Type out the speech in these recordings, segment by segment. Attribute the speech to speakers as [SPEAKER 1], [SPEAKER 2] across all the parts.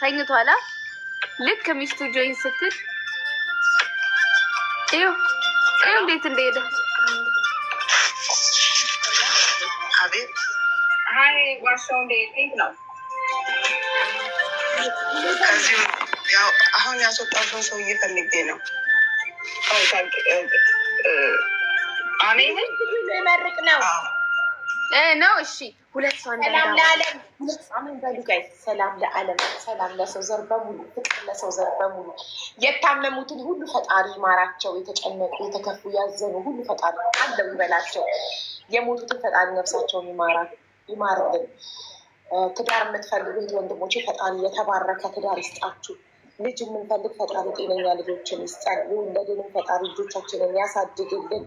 [SPEAKER 1] ተኝቷላ። ልክ ሚስቱ ጆይን ስትል ይኸው ይኸው እንዴት እንደሄደ
[SPEAKER 2] አሁን ያስወጣሁትን ሰው እየፈልጌ ነው። እኔ
[SPEAKER 3] መርቅ ነው ነው። እሺ ሁለት ሰው ሰላም ለዓለም ሁለት አሜን በሉ ጋይ ሰላም ለዓለም ሰላም ለሰው ዘር በሙሉ ፍቅር ለሰው ዘር በሙሉ የታመሙትን ሁሉ ፈጣሪ ይማራቸው። የተጨነቁ የተከፉ፣ ያዘኑ ሁሉ ፈጣሪ አለው ይበላቸው። የሞቱትን ፈጣሪ ነፍሳቸውን ይማርልን። ትዳር የምትፈልጉ ወንድሞቼ ፈጣሪ የተባረከ ትዳር ይስጣችሁ። ልጅ የምንፈልግ ፈጣሪ ጤነኛ ልጆችን ይስጠን። የወለድንም ፈጣሪ ልጆቻችንን ያሳድግልን።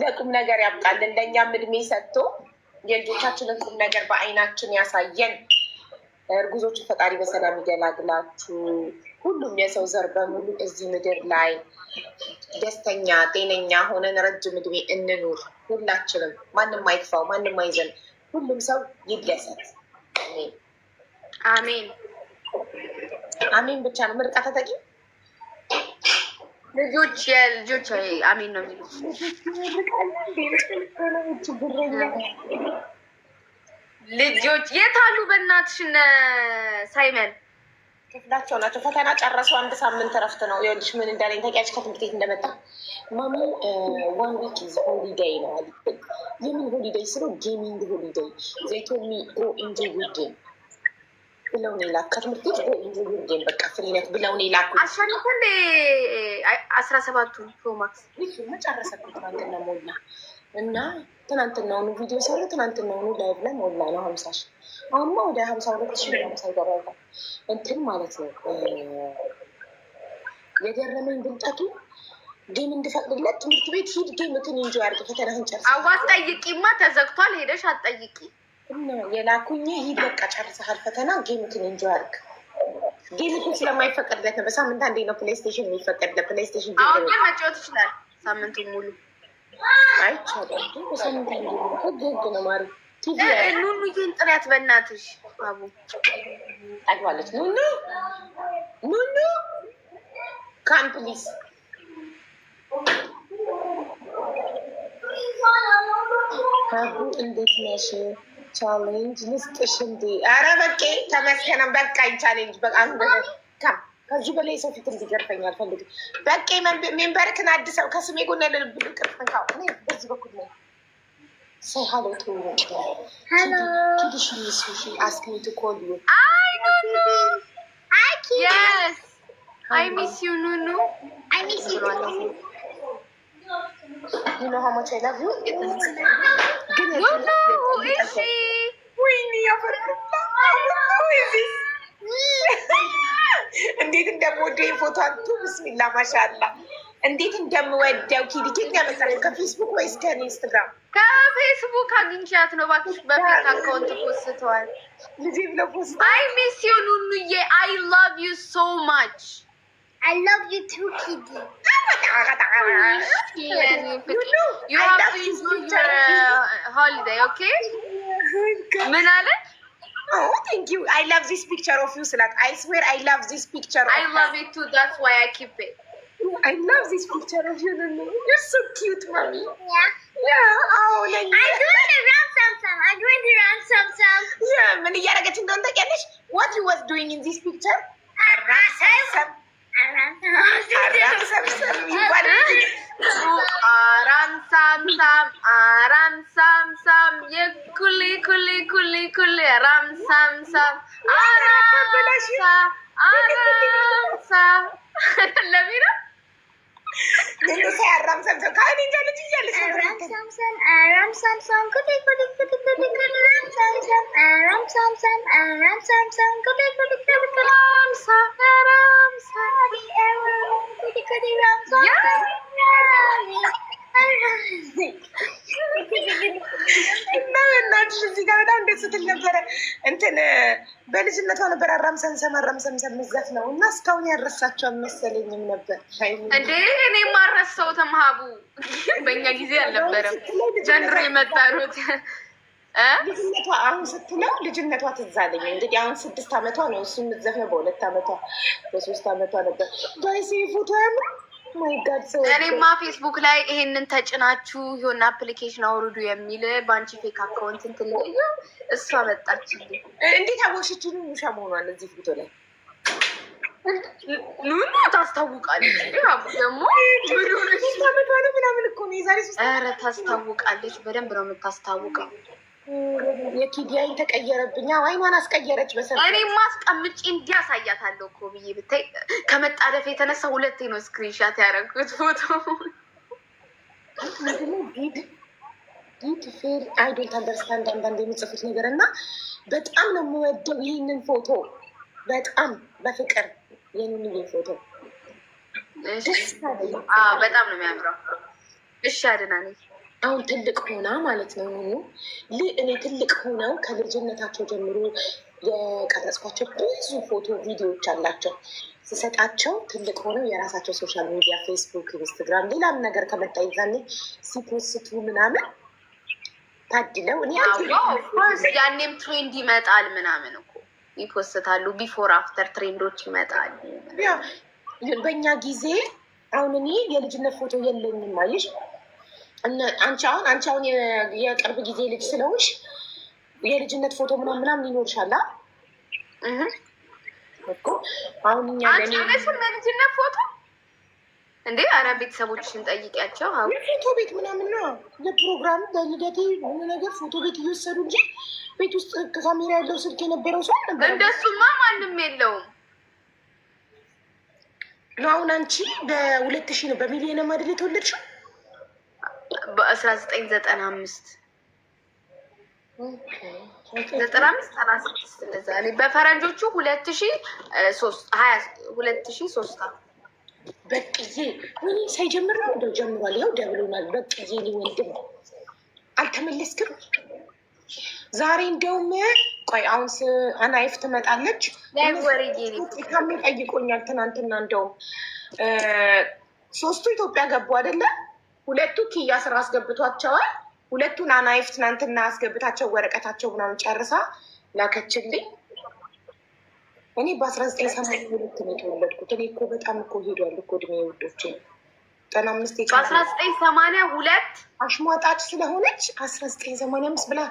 [SPEAKER 3] ለቁም ነገር ያብቃልን። ለእኛም እድሜ ሰጥቶ የልጆቻችንን ቁም ነገር በአይናችን ያሳየን። እርጉዞችን ፈጣሪ በሰላም ይገላግላችሁ። ሁሉም የሰው ዘር በሙሉ እዚህ ምድር ላይ ደስተኛ ጤነኛ ሆነን ረጅም እድሜ እንኑር። ሁላችንም ማንም አይክፋው፣ ማንም አይዘን፣ ሁሉም ሰው ይደሰት። አሜን አሜን ብቻ ነው ምርቃ ተጠቂም
[SPEAKER 1] ልጆች የልጆች አሚን ነው የሚሉት። ልጆች የት አሉ? በእናትሽ እነ ሳይመን
[SPEAKER 3] ክፍላቸው ናቸው። ፈተና ጨረሱ። አንድ ሳምንት እረፍት ነው። ምን እንዳለኝ ከትምህርት ቤት እንደመጣ ማሚ ዋን ዊክ ኢዝ ነው። የምን ስለው ጌሚንግ ዊድን ብለውን የላክ ከትምህርት ቤት ኢንጂኒሪንግ በቃ ፍሪነት ብለውን የላኩ
[SPEAKER 1] አሸንኩ እንደ አስራ ሰባቱ ፕሮማክስ
[SPEAKER 3] መጨረሰብ ትናንትና ሞላ እና ትናንትናውኑ ቪዲዮ ሰሩ። ትናንትናውኑ ላይቭ ላይ ሞላ ነው ሀምሳ ሺ አሁንማ ወደ ሀምሳ ሁለት ሺ ሀምሳ ይገባል። እንትን ማለት ነው የገረመኝ ብልጠቱ ጌም እንድፈቅድለት ትምህርት ቤት ሂድ ጌም እንትን እንጂ አርግ ፈተናህን ጨርስ
[SPEAKER 1] አዋት ጠይቂማ ተዘግቷል። ሄደሽ አትጠይቂ
[SPEAKER 3] የላኩኝ ይህ በቃ ጨርሰሃል ፈተና ጌምትን እንጂ አድርግ ጌም ስለማይፈቀድለት ነው። በሳምንት አንዴ ነው ፕሌይስቴሽን የሚፈቀድለት። ፕሌይስቴሽን
[SPEAKER 1] ግን መጫወት ይችላል ሳምንቱ ሙሉ
[SPEAKER 3] አይቻልም። ነው ማሪ
[SPEAKER 1] ኑኑዬን ጥሪያት በእናትሽ አቡ
[SPEAKER 3] አግባለች። ኑኑ ኑኑ ካም ፕሊዝ አቡ እንዴት ነሽ? ቻሌንጅ ልስጥሽ እንዴ? አረ በቄ ተመስገን በቃኝ። ቻሌንጅ በቃ ከዚህ በላይ ሰው ፊት እንዲገርፈኝ አልፈልግም። በቄ ሜምበርክን አዲስ ከስሜ ጎን ያለ ልብ በዚህ በኩል ነው ሰው ሀሎ ትሽ ሚስሽ አስክሚት ኮል ዩ
[SPEAKER 1] አይ ኑኑ የስ አይ ሚስ ዩ ኑኑ
[SPEAKER 4] አይ ሚስ ዩ
[SPEAKER 3] ዩ ኖ ሀው ማች አይ ላቭ ዩ እንዴት እንደምወደው ፎቶ አንቱ ብስሚላ ማሻላ እንዴት እንደምወደው ኪዲ ኬት ያመጣ ከፌስቡክ ወይስ ከኢንስትግራም?
[SPEAKER 1] ከፌስቡክ አግኝቻት ነው። እባክሽ በፌክ አካውንት ፖስተዋል። አይ ሚስ ዩ ኑኑዬ፣ አይ ላቭ ዩ ሶ ማች።
[SPEAKER 4] አይ ላቭ ዩ ቱ ኪዲ
[SPEAKER 3] You,
[SPEAKER 1] you have to your uh, holiday, okay? ምን oh አለ?
[SPEAKER 3] Oh, thank you. I love this picture of you, Slak. I swear I love this picture
[SPEAKER 1] of I love it too. That's why I keep it.
[SPEAKER 3] Oh, I love this picture of you, Nunu. You're so cute, mommy. Yeah. Yeah. Oh, Nunu.
[SPEAKER 4] I'm doing to round some I'm doing to round some some.
[SPEAKER 3] Yeah, getting እያደረገች the ታውቂያለሽ? What you was doing in this picture?
[SPEAKER 4] A round some some.
[SPEAKER 3] አራም ሰምሰም ይባላል።
[SPEAKER 1] አራም ሳምሳም የኩሊ
[SPEAKER 3] አራም ሳምሰን ከእኔ እንጃ ልጅ እያለች
[SPEAKER 4] አራም ሳምሰን አራም ሳምሰን ኩቴክ ኩቴክ ኩቴክ ኩቴክ አራም ሳምሰን አራም ሳምሰን አራም ሳምሰን ኩቴክ ኩቴክ ኩቴክ አራም ሳ አራም ሳ አራም ኩቴክ ኩቴክ
[SPEAKER 1] አራም ሳ
[SPEAKER 3] እናትሽ እዚህ ጋር በጣም ደስ ስትል ነበረ። እንትን በልጅነቷ ነበር አራምሰን ሰም አራምሰን ሰም ምዘት ነው እና እስካሁን ያረሳቸው አልመሰለኝም ነበር
[SPEAKER 1] እንዴ። እኔ ማረሰው ተምሀቡ በእኛ ጊዜ አልነበረም ጀንሮ የመጣሩት
[SPEAKER 3] ልጅነቷ አሁን ስትለው ልጅነቷ ትዝ አለኝ። እንግዲህ አሁን ስድስት ዓመቷ ነው እሱ የምትዘፍነው በሁለት ዓመቷ በሶስት ዓመቷ ነበር በሴፉ ተምራ
[SPEAKER 1] እኔማ ፌስቡክ ላይ ይሄንን ተጭናችሁ የሆነ አፕሊኬሽን አውርዱ የሚል በአንቺ ፌክ አካውንት እንትን ላይ እሷ መጣችልኝ።
[SPEAKER 3] እንዴት አወቅሽችሉ? ውሻ መሆኗን እዚህ ፎቶ ላይ
[SPEAKER 1] ኑኑ ታስታውቃለች። ደግሞ ምናምን እኮ ነው የዛሬ ታስታውቃለች። በደንብ ነው የምታስታውቀው።
[SPEAKER 3] የኪዲያይን ተቀየረብኛ ዋይኗን አስቀየረች። በሰ
[SPEAKER 1] እኔ ማስቀምጭ እንዲያሳያታለሁ እኮ ብዬ ብታይ ከመጣደፍ የተነሳ ሁለቴ ነው ስክሪንሻት ያደረጉት ፎቶ
[SPEAKER 3] ዲድ ፌል አይዶንት አንደርስታንድ አንዳንድ የሚጽፉት ነገር እና በጣም ነው የምወደው ይህንን ፎቶ በጣም በፍቅር ይህንን ፎቶ
[SPEAKER 1] በጣም ነው የሚያምረው። እሺ አድናኔ
[SPEAKER 3] አሁን ትልቅ ሆና ማለት ነው ሁሉ እኔ ትልቅ ሆነው ከልጅነታቸው ጀምሮ የቀረጽኳቸው ብዙ ፎቶ ቪዲዮዎች አላቸው ስሰጣቸው ትልቅ ሆነው የራሳቸው ሶሻል ሚዲያ ፌስቡክ፣ ኢንስትግራም፣ ሌላም ነገር ከመጣ ይዛኔ ሲፖስቱ ምናምን ታድለው እኔ
[SPEAKER 1] ያኔም ትሬንድ ይመጣል ምናምን እኮ ይፖስታሉ። ቢፎር አፍተር ትሬንዶች ይመጣል።
[SPEAKER 3] በእኛ ጊዜ አሁን እኔ የልጅነት ፎቶ የለኝም አየሽ አንቺ አሁን አንቺ አሁን የቅርብ ጊዜ ልጅ ስለሆንሽ የልጅነት ፎቶ ምናምን ምናምን ይኖርሻል እኮ።
[SPEAKER 1] አሁን እኛ ለልጅነት ፎቶ እንዴ! አረ ቤተሰቦችሽን ጠይቂያቸው።
[SPEAKER 3] ፎቶ ቤት ምናምን ነው ለፕሮግራም ለልደቴ የሆነ ነገር ፎቶ ቤት እየወሰዱ እንጂ ቤት ውስጥ ከካሜራ ያለው ስልክ የነበረው ሰው
[SPEAKER 1] ነበር። እንደሱማ ማንም የለውም።
[SPEAKER 3] አሁን አንቺ በሁለት ሺህ ነው በሚሊዮንም አይደል የተወለድሽው?
[SPEAKER 1] በአስራ ዘጠኝ ዘጠና አምስት ዘጠና አምስት ስድስት እንደዛ በፈረንጆቹ ሁለት ሺ ሶስት ሀያ ሁለት ሺ ሶስት
[SPEAKER 3] በቅዬ ምን ሳይጀምር ነው እንደው ጀምሯል። ያው ደብሎናል። በቅዬ አልተመለስክም። ዛሬ እንደውም ቆይ አሁን አናይፍ ትመጣለች። ጠይቆኛል ትናንትና። እንደውም ሶስቱ ኢትዮጵያ ገቡ አይደለም ሁለቱ ኪያ ስራ አስገብቷቸዋል። ሁለቱን አናይፍ ትናንትና አስገብታቸው ወረቀታቸው ምናምን ጨርሳ ላከችልኝ። እኔ በአስራ ዘጠኝ ሰማንያ ሁለት ነው የተወለድኩት። እኔ እኮ በጣም እኮ ሄዷል እኮ እድሜ ውዶች ጠና አምስት
[SPEAKER 1] በአስራ ዘጠኝ ሰማንያ ሁለት
[SPEAKER 3] አሽሟጣጭ ስለሆነች አስራ ዘጠኝ ሰማንያ አምስት ብላ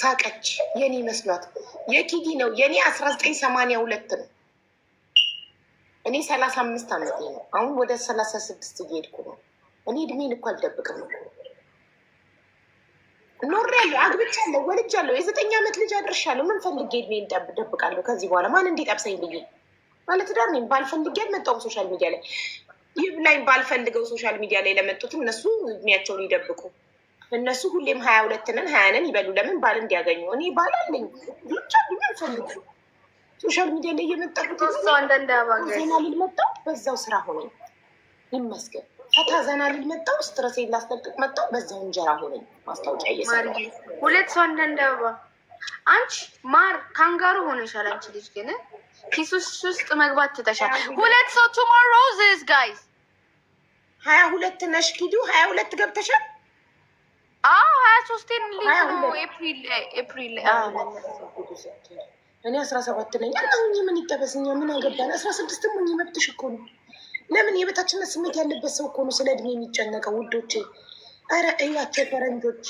[SPEAKER 3] ሳቀች። የኔ መስሏት የኪዲ ነው። የኔ አስራ ዘጠኝ ሰማንያ ሁለት ነው። እኔ ሰላሳ አምስት አመት ነው። አሁን ወደ ሰላሳ ስድስት እየሄድኩ ነው። እኔ ድኔን እኮ አልጠብቅም ነው ኖሬያለሁ፣ አግብቻለሁ፣ ወልጃለሁ፣ የዘጠኝ ዓመት ልጅ አድርሻለሁ። ምን ፈልጌ እድሜን እደብቃለሁ? ከዚህ በኋላ ማን እንዲጠብሰኝ ብዬ ማለት ዳር ነኝ። ባልፈልጌ አልመጣሁም ሶሻል ሚዲያ ላይ ይህ ላይ ባልፈልገው ሶሻል ሚዲያ ላይ ለመጡት እነሱ እድሜያቸውን ይደብቁ። እነሱ ሁሌም ሀያ ሁለት ነን ሀያ ነን ይበሉ። ለምን ባል እንዲያገኙ። እኔ ባል አለኝ ብቻ ፈልጉ። ሶሻል ሚዲያ ላይ እየመጣሁ ዜና ልመጣው በዛው ስራ ሆነኝ ይመስገን። ፈታ ዘና ልል መጣሁ። ስትረሴን ላስለቅቅ መጣሁ። በዛው እንጀራ ሆነኝ። ማስታወቂያ
[SPEAKER 1] እየሰራሁ ሁለት ሰው እንደንደባ አንቺ ማር ካንጋሩ ሆነሻል። አንቺ ልጅ ግን ኪሱስ ውስጥ መግባት ትተሻል። ሁለት ሰው ቱሞሮ ዚስ ጋይስ
[SPEAKER 3] ሀያ ሁለት ነሽ ኪዱ ሀያ ሁለት ገብተሻል።
[SPEAKER 1] አዎ ሀያ ሶስቴን ልጅ ነው ኤፕሪል ኤፕሪል
[SPEAKER 3] እኔ አስራ ሰባት ነኝ። ምን ይጠበስኛ ምን አገባን። አስራ ስድስትም መብትሽ እኮ ነው ለምን የበታችነት ስሜት ያለበት ሰው እኮ ነው ስለ እድሜ የሚጨነቀው። ውዶቼ ኧረ እያቸው ፈረንጆች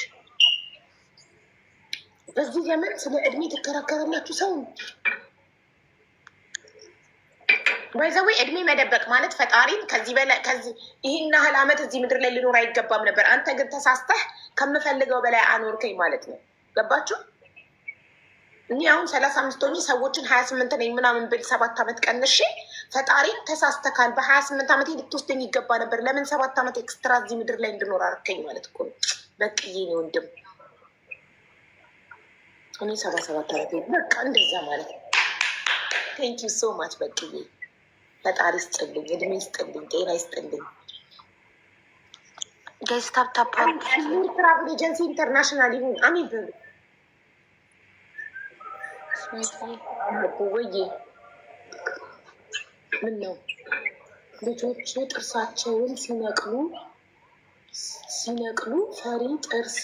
[SPEAKER 3] በዚህ ዘመን ስለ እድሜ ትከራከራላችሁ። ሰው ባይዘዌ እድሜ መደበቅ ማለት ፈጣሪን ከዚህ በላይ ከዚህ ይህን ያህል አመት እዚህ ምድር ላይ ልኖር አይገባም ነበር፣ አንተ ግን ተሳስተህ ከምፈልገው በላይ አኖርከኝ ማለት ነው። ገባችሁ? እኔ አሁን ሰላሳ አምስት ሆኜ ሰዎችን ሀያ ስምንት ነኝ ምናምን ብል ሰባት ዓመት ቀንሼ ፈጣሪን ተሳስተካል። በሀያ ስምንት ዓመቴ ልትወስደኝ ይገባ ነበር። ለምን ሰባት ዓመት ኤክስትራ እዚህ ምድር ላይ እንድኖር አርከኝ ማለት እኮ ነው። በቅዬ ነው ወንድም እኔ ሰባ ሰባት ዓመቴ በቃ እንደዛ ማለት ነው። ቴንኪ ሶ ማች በቅዬ። ፈጣሪ ስጥልኝ፣ እድሜ ስጥልኝ፣ ጤና ይስጥልኝ።
[SPEAKER 1] ጋይስ ትራቭል
[SPEAKER 3] ኤጀንሲ ኢንተርናሽናል ይሁን አሚብ ወዬ ምን ነው ልጆቹ ጥርሳቸውን ሲነቅሉ ሲነቅሉ ፈሪ ጥርስ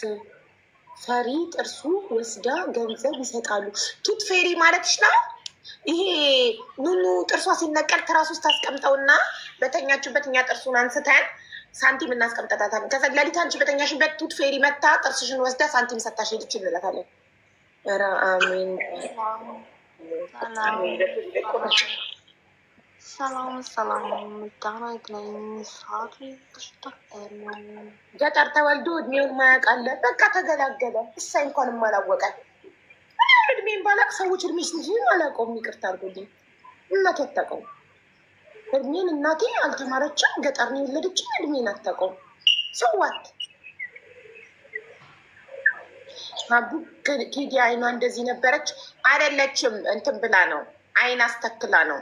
[SPEAKER 3] ፈሪ ጥርሱ ወስዳ ገንዘብ ይሰጣሉ። ቱት ፌሪ ማለትሽ ነው። ይሄ ኑኑ ጥርሷ ሲነቀል ትራስ ውስጥ አስቀምጠውና በተኛችበት እኛ ጥርሱን አንስተን ሳንቲም እናስቀምጠታታለን። ከዛ ለሊት አንቺ በተኛሽበት ቱት ፌሪ መታ ጥርስሽን ወስዳ ሳንቲም ሰታሽ ሄድች እንላታለን። ኧረ አሜን
[SPEAKER 1] ሰላም ሰላም፣ ምዳናት ላይ ሰዓቱ
[SPEAKER 3] ገጠር ተወልዶ እድሜውን ማያውቃለ በቃ ተገላገለ። እሳይ እንኳን አላወቀም። እድሜን ባላቅ ሰዎች እድሜ ልጅ አላውቀውም። ይቅርታ አድርጎልኝ እናቴ አታውቀውም። እድሜን እናቴ አልተማረችም። ገጠር ነው የወለደችኝ። እድሜን አታውቀውም። ሰዋት አቡ ኬዲ አይኗ እንደዚህ ነበረች አይደለችም። እንትን ብላ ነው አይን አስተክላ ነው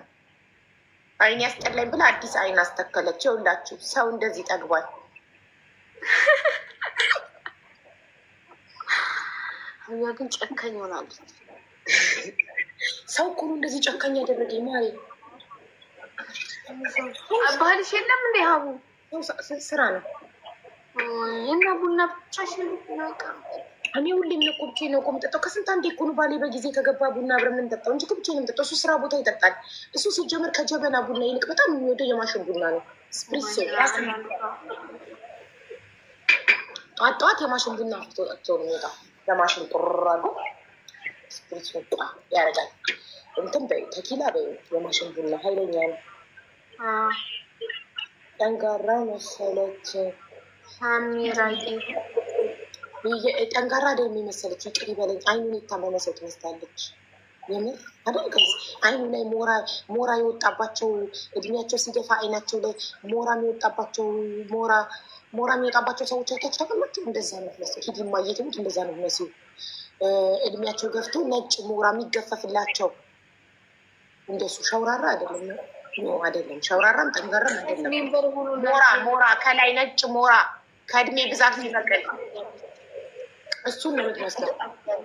[SPEAKER 3] አይን ያስጠላኝ ብላ አዲስ አይን አስተከለች። ይኸውላችሁ ሰው እንደዚህ ጠግቧል።
[SPEAKER 1] እኛ ግን ጨካኝ ሆናለች።
[SPEAKER 3] ሰው ኮኑ እንደዚህ ጨካኝ ያደረገኝ። ማሪ
[SPEAKER 1] ባህልሽ የለም እንደ ሀቡ ስራ ነው እና ቡና ብቻ
[SPEAKER 3] እኔ ሁሌም ነው ቁምቼ ነው ቆምጠጠው። ከስንት አንዴ እኮ ነው ባሌ በጊዜ ከገባ ቡና አብረን የምንጠጣው እንጂ ቁምቼ ነው የምጠጣው። እሱ ስራ ቦታ ይጠጣል። እሱ ሲጀምር ከጀበና ቡና ይልቅ በጣም የሚወደው የማሽን ቡና ነው። ስፕሪስ ጠዋት ጠዋት የማሽን ቡና አፍቶ ጠጥቶ ነው የሚወጣው። የማሽን ጥሩር አድርጎ ስፕሪስ ወጣ ያደርጋል። እንትን በይ ተኪላ በይ የማሽን ቡና ሀይለኛ ነው። ጠንጋራ መሰለች
[SPEAKER 1] ሀሚራዬ
[SPEAKER 3] ጠንካራ ደ የሚመሰለች ይቅር ይበለኝ አይኑን የታመመ ሰው ትመስላለች። የምር አይደል ጋይስ፣ አይኑ ላይ ሞራ ሞራ የወጣባቸው እድሜያቸው ሲገፋ አይናቸው ላይ ሞራ የሚወጣባቸው ሞራ ሞራ የሚወጣባቸው ሰዎች አይታችሁ ታውቃላችሁ? እንደዛ ነው የሚመስለው። ሂድ ማየትሙት እንደዛ ነው የሚመስለው። እድሜያቸው ገፍቶ ነጭ ሞራ የሚገፈፍላቸው እንደሱ ሸውራራ አይደለም አይደለም። ሸውራራም ጠንጋራም አይደለም።
[SPEAKER 1] ሞራ ሞራ ከላይ ነጭ ሞራ ከእድሜ ብዛት ይበቀል
[SPEAKER 3] እሱን ነው የምትመስለው።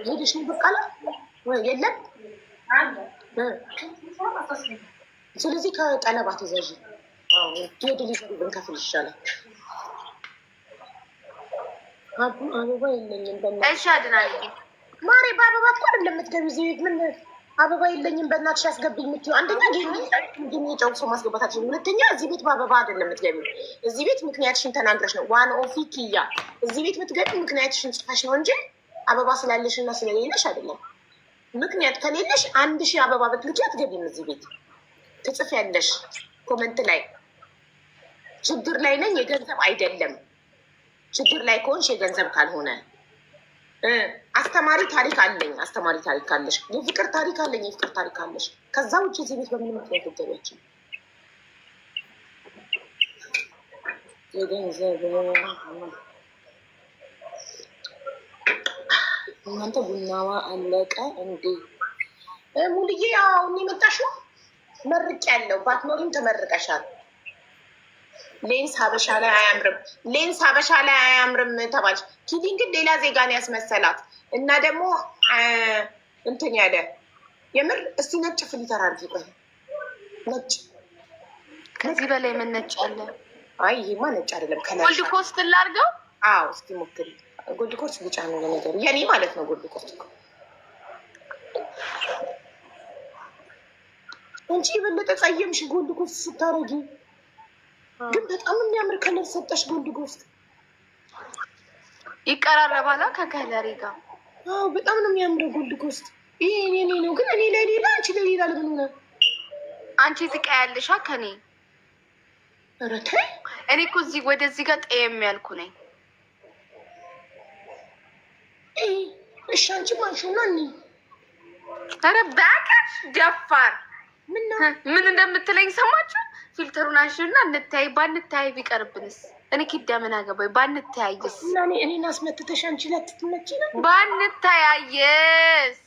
[SPEAKER 3] ሄድሽ ነው በቃላ የለም። ስለዚህ ከቀለባት ተዘዥ ዲሊቨሪ ብንከፍል ይሻላል። አበባ የለኝም በእናትሽ ማሬ። በአበባ እኮ አይደለም የምትገቢው። ምን አበባ የለኝም በእናትሽ አስገብኝ የምትይው አንደኛ ጌሚ ጨው ሰው ማስገባታችን፣ ሁለተኛ እዚህ ቤት በአበባ አይደለም ምትገቢ እዚህ ቤት ምክንያትሽን ተናግረሽ ነው ዋን ኦፊ ኪያ እዚህ ቤት የምትገቢ ምክንያትሽን ጽፋሽ ነው እንጂ አበባ ስላለሽ እና ስለሌለሽ አይደለም። ምክንያት ከሌለሽ አንድ ሺህ አበባ ብትልኪ አትገቢም እዚህ ቤት። ያለሽ ኮመንት ላይ ችግር ላይ ነኝ የገንዘብ አይደለም ችግር ላይ ከሆንሽ የገንዘብ ካልሆነ አስተማሪ ታሪክ አለኝ። አስተማሪ ታሪክ አለሽ። የፍቅር ታሪክ አለኝ። የፍቅር ታሪክ አለሽ። ከዛ ውጭ እዚህ ቤት በምን ምክንያት ገባችን? የገንዘብ እናንተ ቡናዋ አለቀ እንዴ? ሙልዬ ያው እኔ መጣሽ መርቅ ያለው ባትኖሪም ተመርቀሻል። ሌንስ ሀበሻ ላይ አያምርም፣ ሌንስ ሀበሻ ላይ አያምርም ተባለች። ኪሊን ግን ሌላ ዜጋ ነው ያስመሰላት እና ደግሞ እንትን ያለ የምር እስቲ ነጭ ፍሊተር አድርጊ። ቆይ ነጭ
[SPEAKER 1] ከዚህ በላይ ምን ነጭ አለ?
[SPEAKER 3] አይ ይሄማ ነጭ አይደለም።
[SPEAKER 1] ጎልድ ኮስት ላድርገው።
[SPEAKER 3] አዎ እስቲ ሞክሪ። ጎልድ ኮስት ብጫ ነው ለነገሩ፣ የኔ ማለት ነው። ጎልድ ኮስት እንጂ የበለጠ ጸየምሽ ጎልድ ኮስት ስታረጊ ግን በጣም የሚያምር ከለር ሰጠሽ። ጎልድ ጎስት
[SPEAKER 1] ይቀራረባላ ከከለሪ ጋር
[SPEAKER 3] በጣም ነው የሚያምረው። ጎልድ ጎስት ይሄ እኔ ነው ግን እኔ ለሌላ አንቺ ለሌላ ልምን ሆነ
[SPEAKER 1] አንቺ ትቀያለሻ ከኔ እኔ እኮ እዚህ ወደዚህ ጋር ጠየም ያልኩ ነኝ።
[SPEAKER 3] እሺ አንቺ ማንሽና እኔ
[SPEAKER 1] ኧረ በቃ ደፋር ምን እንደምትለኝ ሰማችሁ? ፊልተሩን አንሽና እንታይ ባንታይ ቢቀርብንስ? እኔ ኪዳ ምን አገባኝ? ባንታያየስ?
[SPEAKER 3] እኔን አስመትተሽ አንቺ ላትትመች
[SPEAKER 1] ባንታያየስ?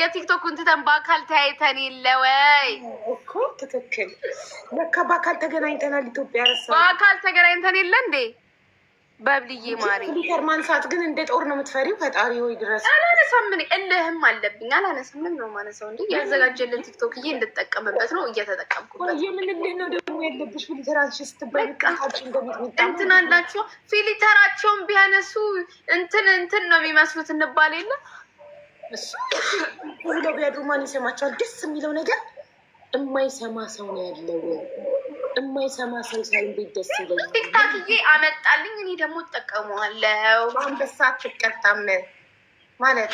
[SPEAKER 1] የቲክቶክ እንትተን በአካል ተያይተን የለ ወይ
[SPEAKER 3] እኮ ትክክል። በቃ በአካል ተገናኝተናል። ኢትዮጵያ ረሳ
[SPEAKER 1] በአካል ተገናኝተን የለ እንዴ? በብልዬ ማሪ
[SPEAKER 3] ሊተር ማንሳት ግን እንደ ጦር ነው የምትፈሪው? ፈጣሪ ወይ ድረስ
[SPEAKER 1] አላነሳም። ምን እልህም አለብኝ አላነሳም። ምን ነው ማነሳው? እንዲ ያዘጋጀልን ቲክቶክ እዬ እንድጠቀምበት ነው እየተጠቀምኩበት።
[SPEAKER 3] የምንልህ ነው ደግሞ ያለብሽ ፊልተራች ስትበቃቸው
[SPEAKER 1] እንትን አላቸው። ፊልተራቸውን ቢያነሱ እንትን እንትን ነው የሚመስሉት እንባል የለ
[SPEAKER 3] ሁሉ ቢያድሩ ማን ይሰማቸዋል? ደስ የሚለው ነገር የማይሰማ ሰው ነው ያለው። የማይሰማ ሰው ሳይ እንዴት ደስ ይለኛል።
[SPEAKER 1] ቲክታክዬ አመጣልኝ፣ እኔ ደግሞ እጠቀመዋለሁ።
[SPEAKER 3] አንበሳ አትቀጣም ማለት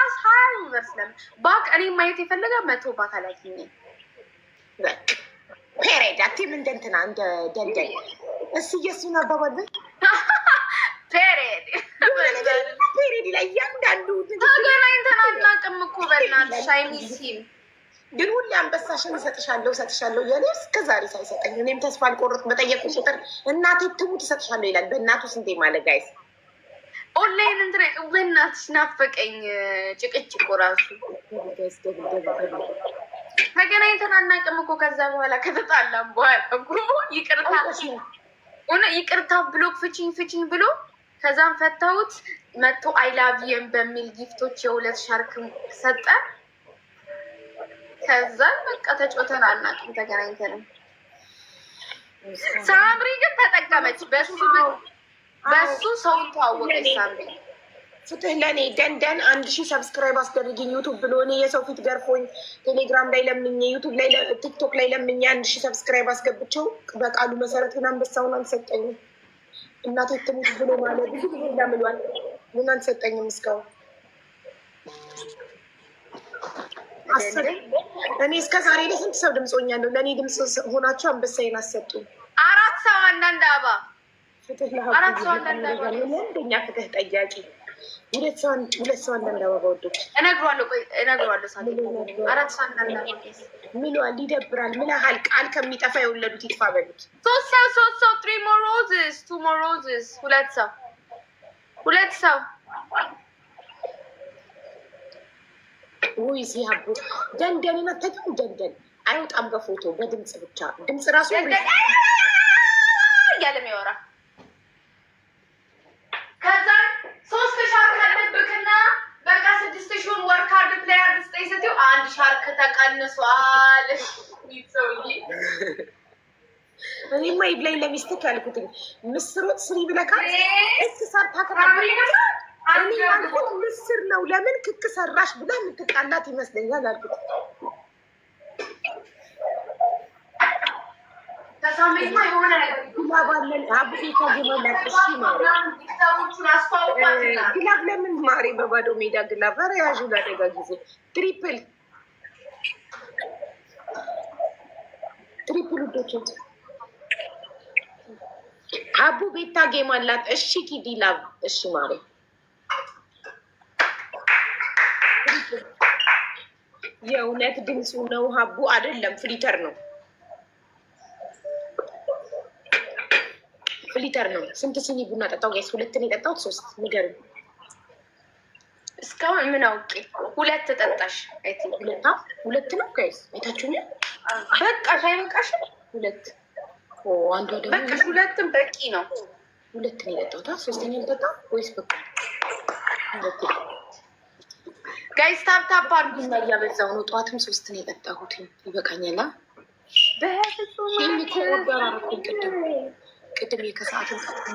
[SPEAKER 1] አስሀር ይመስለም ባክ እኔ ማየት የፈለገ መቶ ባክ አላኪኝ
[SPEAKER 3] ፔሬድ አቲም እንደ እንደ ደንደን እስ እየሱን አባባል ፔሬድ ፔሬድ ላይ እያንዳንዱ
[SPEAKER 1] ተገናኝተን አናውቅም እኮ በእናትሽ ሲም
[SPEAKER 3] ግን ሁሌ አንበሳሽን እሰጥሻለሁ እሰጥሻለሁ የኔ እስከ ዛሬ ሳይሰጠኝ እኔም ተስፋ አልቆርጥ በጠየቁ ቁጥር እናቴ ትሙት እሰጥሻለሁ ይላል። በእናቱ ስንቴ ማለት ጋይስ
[SPEAKER 1] ኦንላይን እንትን በእናትሽ ናፈቀኝ። ጭቅጭቁ ራሱ ተገናኝተን አናውቅም እኮ ከዛ በኋላ ከተጣላም በኋላ ይቅርታ ሆነ ይቅርታ ብሎ ፍችኝ ፍችኝ ብሎ ከዛም ፈታሁት መጥቶ አይላቪየን በሚል ጊፍቶች የሁለት ሻርክ ሰጠ። ከዛም በቃ ተጫውተን አናውቅም ተገናኝተንም። ሳምሪ ግን ተጠቀመች። በሱ በሱ ሰው ተዋወቀች ሳምሪ
[SPEAKER 3] ፍትህ ለእኔ ደንደን አንድ ሺህ ሰብስክራይብ አስደርግኝ ዩቱብ ብሎ እኔ የሰው ፊት ገርፎኝ ቴሌግራም ላይ ለምኝ ዩቱብ ላይ ቲክቶክ ላይ ለምኝ አንድ ሺህ ሰብስክራይብ አስገብቸው በቃሉ መሰረት ግን አንበሳውን አልሰጠኝም። እናቶች ትሙት ብሎ ማለት ብዙ ጊዜ ለምሏል፣ ግን አልሰጠኝም እስካሁን እኔ እስከ ዛሬ ላይ ስንት ሰው ድምፅ ሆኛለሁ። ለእኔ ድምፅ ሆናቸው አንበሳዬን አሰጡ።
[SPEAKER 1] አራት ሰው አንዳንድ አባ አራት ሰው አንዳንድ አባ
[SPEAKER 3] ፍትህ ጠያቂ ሁለት ሰው ሁለት ሰው አንዳንድ አባ ወዶች
[SPEAKER 1] እነግሯለሁ። ቆይ እነግሯለሁ። ሳ አራት ሰው አንዳንድ
[SPEAKER 3] ምሏል። ይደብራል። ምን ያህል ቃል ከሚጠፋ የወለዱት ይጥፋ በሉት።
[SPEAKER 1] ሶስት ሰው ሶስት ሰው ትሪ ሞሮዝስ ቱ ሞሮዝስ ሁለት ሰው ሁለት ሰው
[SPEAKER 3] ወይ ሲያቡ ደንደን መተግም ደንደን አይወጣም። በፎቶ በድምፅ ብቻ ድምፅ ራሱ
[SPEAKER 1] እያለ የሚያወራ ሻርክ ተቀንሷል።
[SPEAKER 3] እኔማ ይብላኝ ለሚስትክ ያልኩትኝ ምስሩት ስሪ ብለካት እስ ሰርታ ከራ ምስር ነው ለምን ክክ ሰራሽ ብላ የምትጣላት ይመስለኛል አልኩት። ግላብ ለምን ማሬ በባዶ ሜዳ ግላብ በረያዡ ለአደጋ ጊዜ ትሪፕል ትሪፕል ውዶች አቡ ቤታ ጌም አላት። እሺ ኪዲ ላብ እሺ ማሬ የእውነት ድምፁ ነው ሀቡ አይደለም፣ ፍሊተር ነው ፍሊተር ነው። ስንት ሲኒ ቡና ጠጣው? ጋይስ ሁለት ነው የጠጣሁት፣ ሶስት ንገሪው።
[SPEAKER 1] እስካሁን ምን አውቄ ሁለት ጠጣሽ?
[SPEAKER 3] ሁለታ ሁለት ነው ጋይስ፣ አይታችሁኛል። በቃ ሳይበቃሽ ሁለት አንዱ
[SPEAKER 1] ደግሞ በቃ ሁለትም በቂ ነው።
[SPEAKER 3] ሁለት ነው የጠጣሁት፣ ሶስተኛ ልጠጣ ወይስ በቃ ጋይስ ታፕታፕ አድርጉና እያበዛው ነው። ጠዋትም ሶስት ነው የጠጣሁት ይበቃኛላ። ቅድም የከሰዓትን ቀጥ